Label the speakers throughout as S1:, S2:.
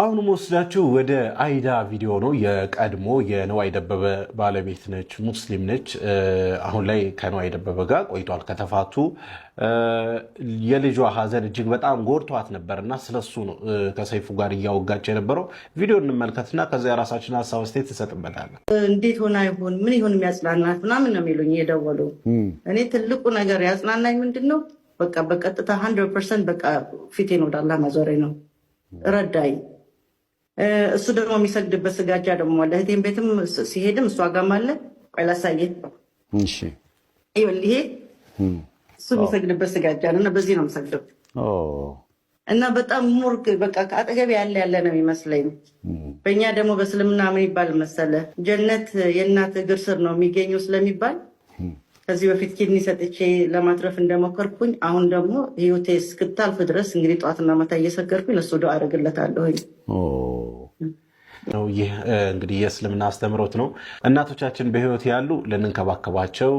S1: አሁን ወስዳችሁ ወደ አይዳ ቪዲዮ ነው። የቀድሞ የነዋይ ደበበ ባለቤት ነች፣ ሙስሊም ነች። አሁን ላይ ከነዋይ ደበበ ጋር ቆይቷል ከተፋቱ። የልጇ ሀዘን እጅግ በጣም ጎድቷት እና ስለሱ ነው ከሰይፉ ጋር እያወጋች የነበረው። ቪዲዮ እንመልከትና ከዚያ የራሳችን ሀሳብ ስቴት ትሰጥበታለን።
S2: እንዴት ሆና ይሆን ምን ይሆን የሚያጽናናት ምናምን ነው የሚሉኝ የደወሉ። እኔ ትልቁ ነገር ያጽናናኝ ምንድን ነው በቃ በቀጥታ ሀንድረድ ፐርሰንት በቃ ፊቴን ወደ አላህ ማዞሬ ነው ረዳኝ እሱ ደግሞ የሚሰግድበት ስጋጃ ደግሞ አለ። እህቴም ቤትም ሲሄድም እሷ ጋም አለ። ቆይ ላሳየህ። ይሄ እሱ የሚሰግድበት ስጋጃ ነው፣ እና በዚህ ነው የምሰግደው። እና በጣም ሙርክ በቃ ከአጠገብ ያለ ያለ ነው የሚመስለኝ። በእኛ ደግሞ በእስልምና ምን ይባል መሰለ፣ ጀነት የእናት እግር ስር ነው የሚገኘው ስለሚባል ከዚህ በፊት ኪድኒ ሰጥቼ ለማትረፍ እንደሞከርኩኝ አሁን ደግሞ ህይወቴ እስክታልፍ ድረስ እንግዲህ ጠዋትና ማታ እየሰገርኩኝ ለሱ ዶ አደርግለታለሁኝ።
S1: ነው። ይህ እንግዲህ የእስልምና አስተምሮት ነው። እናቶቻችን በህይወት ያሉ ልንንከባከባቸው፣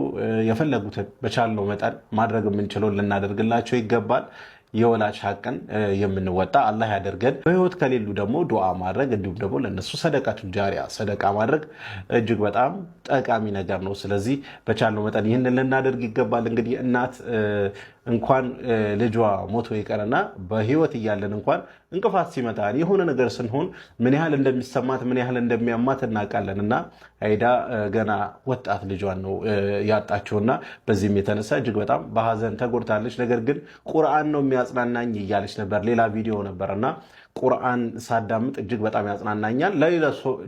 S1: የፈለጉትን በቻልነው መጠን ማድረግ የምንችለው ልናደርግላቸው ይገባል። የወላጅ ሀቅን የምንወጣ አላህ ያደርገን። በህይወት ከሌሉ ደግሞ ዱዓ ማድረግ እንዲሁም ደግሞ ለነሱ ሰደቃቱ ጃሪያ ሰደቃ ማድረግ እጅግ በጣም ጠቃሚ ነገር ነው። ስለዚህ በቻልነው መጠን ይህንን ልናደርግ ይገባል። እንግዲህ እናት እንኳን ልጇ ሞቶ ይቀርና በህይወት እያለን እንኳን እንቅፋት ሲመጣ የሆነ ነገር ስንሆን ምን ያህል እንደሚሰማት ምን ያህል እንደሚያማት እናውቃለን። እና አይዳ ገና ወጣት ልጇን ነው ያጣችውና በዚህም የተነሳ እጅግ በጣም በሀዘን ተጎድታለች። ነገር ግን ቁርአን ነው የሚያጽናናኝ እያለች ነበር። ሌላ ቪዲዮ ነበር እና ቁርአን ሳዳምጥ እጅግ በጣም ያጽናናኛል።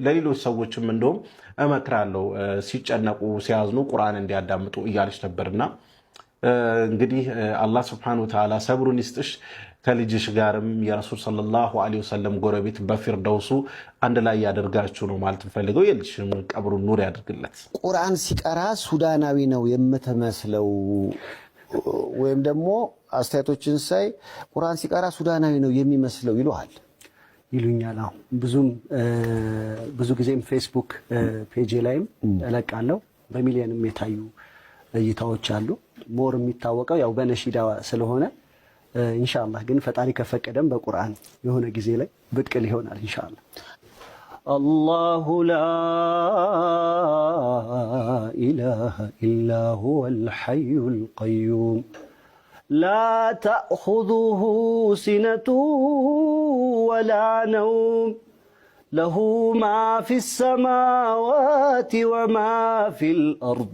S1: ለሌሎች ሰዎችም እንደውም እመክራለሁ ሲጨነቁ ሲያዝኑ ቁርአን እንዲያዳምጡ እያለች ነበርና እንግዲህ አላህ ስብሐነሁ ወተዓላ ሰብሩን ይስጥሽ ከልጅሽ ጋርም የረሱል ሰለላሁ ዐለይሂ ወሰለም ጎረቤት በፊርደውሱ አንድ ላይ ያደርጋችሁ ነው ማለት ፈልገው የልጅሽም ቀብሩን ኑር ያደርግለት።
S3: ቁርአን ሲቀራ ሱዳናዊ ነው የምትመስለው ወይም ደግሞ አስተያየቶችን ሳይ ቁርአን ሲቀራ ሱዳናዊ ነው የሚመስለው ይሉሃል
S4: ይሉኛል። አሁን ብዙም ብዙ ጊዜም ፌስቡክ ፔጅ ላይም እለቃለሁ። በሚሊየንም የታዩ እይታዎች አሉ። ሞር የሚታወቀው ያው በነሺዳ ስለሆነ ኢንሻአላህ ግን ፈጣሪ ከፈቀደም በቁርአን የሆነ ጊዜ ላይ ብቅል ይሆናል ኢንሻአላህ።
S5: አላሁ ላ ኢላሃ ኢላ ሁወል ሐዩል ቀዩም ላ ተእኹዙሁ ሲነቱ ወላ ነውም ለሁ ማ ፊ ሰማዋት ወማ ፊል አርድ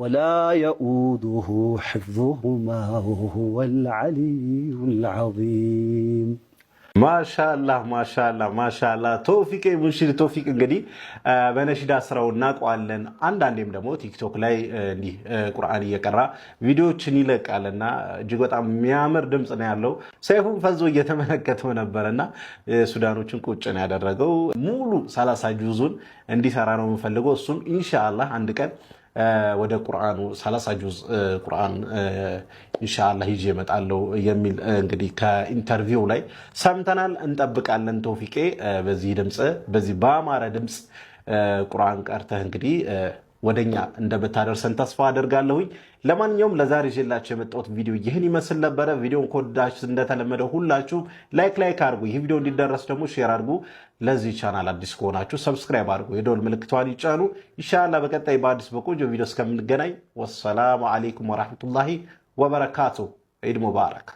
S5: ወላ የኡዱሁ ሕፍዙሁማ ወሁወል ዓሊዩል ዓዚም።
S1: ማሻላህ ማሻላህ ማሻላህ ቶፊቅ ሙንሺድ ቶፊቅ እንግዲህ በነሽዳ ስራው እናውቀዋለን። አንዳንዴም ደግሞ ቲክቶክ ላይ እንዲህ ቁርአን እየቀራ ቪዲዮዎችን ይለቃልና እጅግ በጣም የሚያምር ድምፅ ነው ያለው። ሰይፉን ፈዞ እየተመለከተው ነበረና ሱዳኖችን ቁጭ ነው ያደረገው። ሙሉ ሰላሳ ጁዙን እንዲሰራ ነው የምፈልገው። እሱም ኢንሻላህ አንድ ቀን ወደ ቁርአኑ ሰላሳ ጁዝ ቁርአን እንሻላ ይዤ እመጣለሁ የሚል እንግዲህ ከኢንተርቪው ላይ ሰምተናል። እንጠብቃለን። ቶፊቄ በዚህ ድምፅ በዚህ በአማረ ድምፅ ቁርአን ቀርተህ እንግዲህ ወደኛ እንደምታደርሰን ተስፋ አደርጋለሁኝ። ለማንኛውም ለዛሬ ይዤላችሁ የመጣሁት ቪዲዮ ይህን ይመስል ነበረ። ቪዲዮን ከወደዳችሁ እንደተለመደው ሁላችሁም ላይክ ላይክ አድርጉ። ይህ ቪዲዮ እንዲደረስ ደግሞ ሼር አድርጉ። ለዚህ ቻናል አዲስ ከሆናችሁ ሰብስክራይብ አድርጉ፣ የደወል ምልክቷን ይጫኑ። ይሻላ በቀጣይ በአዲስ በቆንጆ ቪዲዮ እስከምንገናኝ ወሰላሙ አሌይኩም ወራህመቱላሂ ወበረካቱ። ኢድ ሙባረክ።